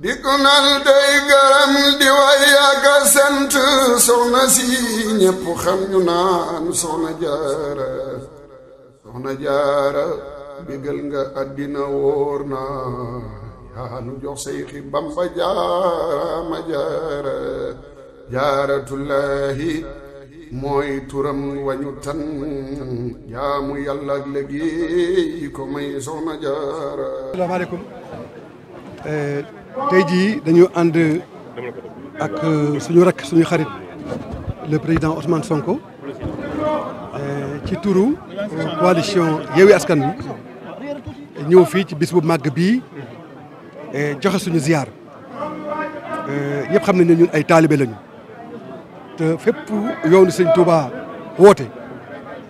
di gunal day garam di way ak sant si ñépp xam ñu naan soxna jaara soxna jaara bégal nga àddina na yaa nu jox say xi bamba jaara ma jaara jaaratullaahi mooy turam wañu tan jaamu yàlla ak léegi ko may soxna jaara asalaamaaleykum eh, tey jii dañu ànd ak suñu rakk suñu xarit le président Ousmane Sonko eh, ci turu euh, coalition Yewwi Askan Wi ñëw fii ci bis bu màgg bii eh, joxe suñu ziar eh, ñëpp xam nañ ne ñun ay taalibe lañu te fépp yow yoonu sëñ Touba woote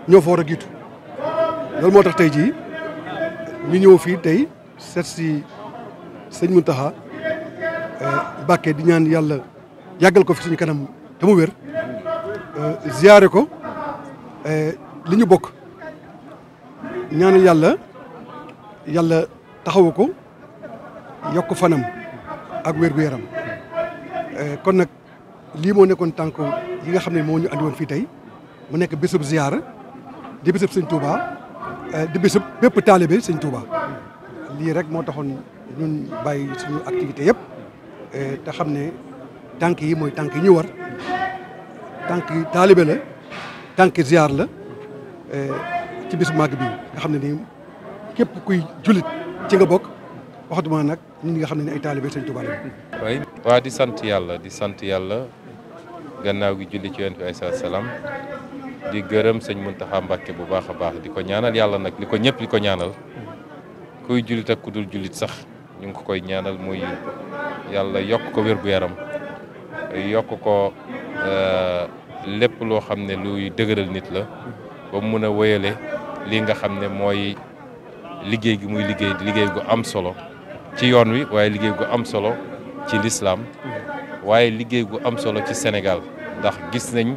ñoo fa war a jiitu loolu moo tax tey jii ñu ñëw fii tey seet si sëñ Mountakha Eh, bakke di ñaan yàlla yàggal ko fi suñu kanam te wér eh, ziyaare ko eh, li ñu bokk ñaan yàlla yàlla taxawu ko yokk fanam ak wér-gu-yaram kon nag lii moo nekkoon tànk yi nga xam ne moo ñu andi woon fii tey mu nekk bésub ziyaar di bésub sëñ Touba di bésub bépp taalibe sëñ Touba lii rek moo taxoon ñun bàyyi suñu activité yëpp Eh, te xam ne tànk yi mooy tànk yi ñu war tànk yi taalibe la tànk ziar la eh, ci bis màgg bi nga xam ne ni képp kuy jullit ci nga bokk waxatuma nag ñun ñi nga xam ne ay taalibe sëñ Tuubaa la. waa di sant yàlla di sant yàlla gannaaw gi julli ci yonent bi ay salaam di gërëm sëñ Muntaxa Mbàkke bu baax a baax di ko ñaanal yàlla nag li ko ñëpp li ko ñaanal kuy jullit ak ku dul jullit sax ñu ngi ko koy ñaanal mooy yàlla yokk ko wér-gu-yaram yokk ko euh, lépp loo xam ne luy dëgëral nit la ba mu mun a wéyale lii nga xam ne mooy liggéey gi muy liggéey liggéey gu am solo ci yoon wi waaye liggéey gu am solo ci lislaam waaye liggéey gu am solo ci senegal ndax gis nañ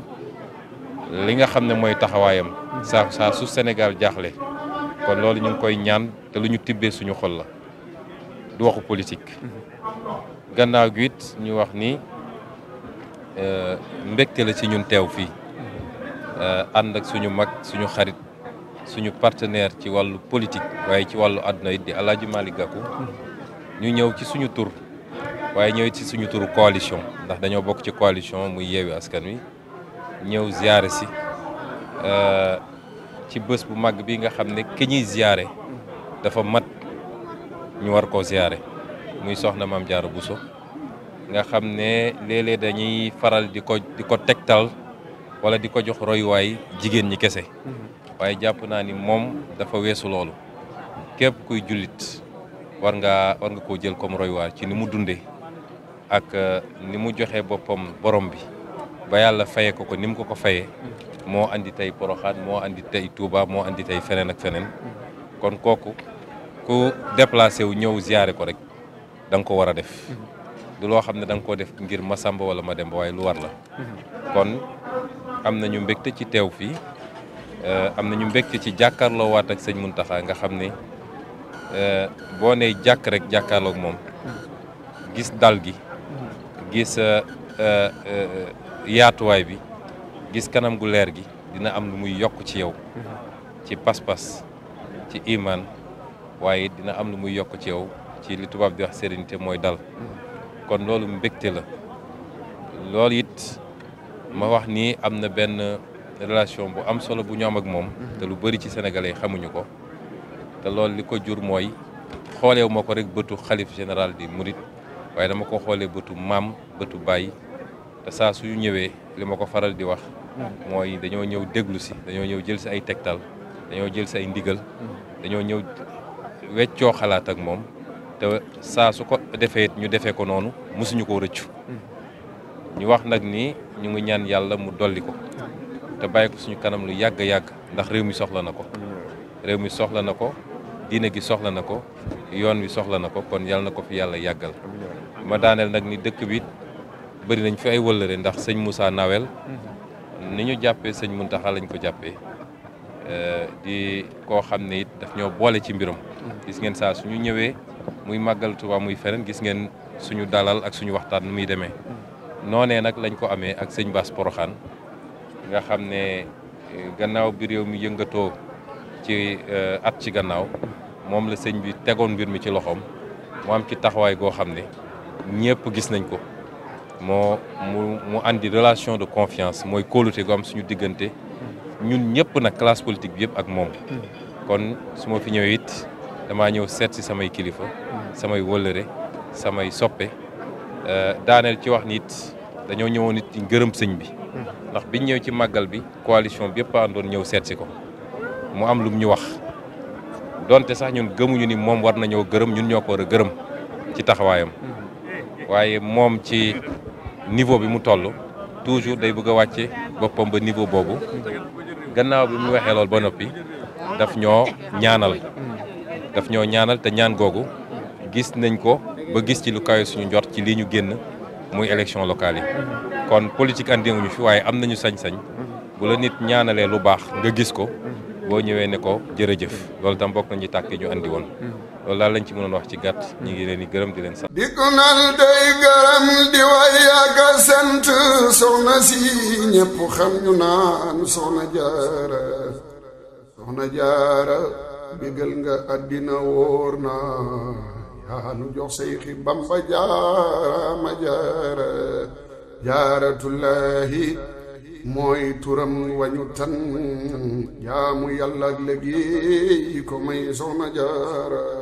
li nga xam ne mooy taxawaayam saa saa su senegal jaaxle kon loolu ñu ngi koy ñaan te lu ñu tibbee suñu xol la du waxu politique gannaaw gi it ñu wax ni euh, mbégte la ci ñun teew fii euh, ànd ak suñu mag suñu xarit suñu partenaire ci wàllu politique waaye ci wàllu àdduna it di El Hadj Malick ñu ñëw ci suñu tur waaye ñëw ci suñu turu coalition ndax dañoo bokk ci coalition muy yeewi askan wi ñëw ziare si euh, ci bés bu mag bi nga xam ne ki ñuy ziare dafa mat ñu war koo ziare. muy soxna maam Jaara Buso nga xam ne léeg-léeg dañuy faral di ko di ko tegtal wala di ko jox royuwaay jigéen ñi kese mhm. waaye jàpp naa ni moom dafa weesu loolu képp kuy jullit war nga war nga koo jël comme royuwaay ci ni mu dundee ak euh, ni mu joxee boppam borom bi ba yàlla faye ko ko ni mu ko ko fayee mhm. moo indi tey Poroxaan moo indi tey Touba moo indi tey feneen ak feneen mhm. kon kooku ku déplacé wu ñëw ziyaare ko rek danga ko war a def du loo xam ne danga nga koo def ngir ma sàmba wala ma demba waaye lu war la kon am nañu mbégte ci teew fii euh, am nañu mbégte ci jàkkaarloo waat sëñ Muntaxa nga xam ne euh, boo nee jàkk rek jàkkaarloog moom gis dal gi gis euh, yaatuwaay bi gis kanam gu leer gi dina am lu muy yokk ci yow ci pas-pas ci imaan waaye dina am lu muy yokk ci yow ci li tubaab di wax sérénité mooy dal kon loolu mbégte la loolu it ma wax nii am na benn relation bu am solo bu ñu am ak moom te lu bëri ci sénégalais xamuñu ko te loolu li ko jur mooy xoolewuma ko rek bëtu xalif général di murit waaye dama ko xoolee bëtu maam bëtu baay te saa suñu ñëwee li ma ko faral di wax mooy dañoo ñëw déglu si dañoo ñëw jël si ay tegtal dañoo jël si ay ndigal dañoo ñëw weccoo xalaat ak moom te saa su ko defee ñu defee ko noonu mosuñu koo rëccu ñu wax nag ni ñu ngi ñaan yàlla mu dolli ko te bàyyi ko suñu kanam lu yàgg yàgg ndax réew mi soxla na ko réew mi soxla na ko diine gi soxla na ko yoon wi soxla na ko kon yàlla na ko fi yàlla yàggal ma daaneel nag ni dëkk bi bari nañ fi ay wëllëre ndax sëñ Moussa Nawel ni ñu jàppee sëñ Muntaxa lañ ko jàppee eh, di koo xam ne it daf ñoo boole ci mbiram gis ngeen saa suñu ñëwee muy màggal Tuubaa muy feneen gis ngeen suñu dalal ak suñu waxtaan nu muy demee noonee nag lañ ko amee ak sëñ Bass Poroxaan nga xam ne eh, gannaaw bi réew mi yëngatoo ci eh, at ci gannaaw moom la sëñ bi tegoon mbir mi ci loxoom mu am ci taxawaay goo xam ne ñëpp gis nañ ko moo mu mu andi relation de confiance mooy kóolute gu am suñu diggante ñun ñëpp nag classe politique bi yëpp ak moom hmm. kon su fi ñëwee it damaa ñëw seet si samay kilifa samay wëllëre samay soppe euh, daaneel ci wax niit dañoo ñëwoon nit ci gërëm sëñ bi ndax biñ ñëw ci màggal bi coalition bi yëpp àndoon ñëw seet si ko mu am lum ñu wax doonte sax ñun gëmuñu ni moom war nañoo gërëm ñun ñoo ko war a gërëm ci taxawaayam waaye moom ci niveau bi mu toll toujours day bëgg a wàcce boppam ba niveau boobu gannaaw bi mu waxee lool ba noppi daf ñoo ñaanal daf ñoo ñaanal te ñaan googu gis nañ ko ba gis ci lu kawe suñu njort ci lii ñu génn muy élection locale yi kon politique andiwuñu fi waaye am nañu sañ-sañ bu la nit ñaanalee lu baax nga gis ko boo ñëwee ne ko jërëjëf loolu tam bokk nañu tàkk ñu andi woon loolu daal lañ ci mënoon wax ci gàtt ñu ngi leen di gërëm di leen sant di ko nal day gërëm di way ak sant soxna si ñëpp xam ñu naan soxna jaara soxna bégal nga àddina wóor na yaa nu jox say xibam fa jaarama jaara jaaratullahi mooy turam wañu tan jaamu yàlla ak léegi ko may soxna jaara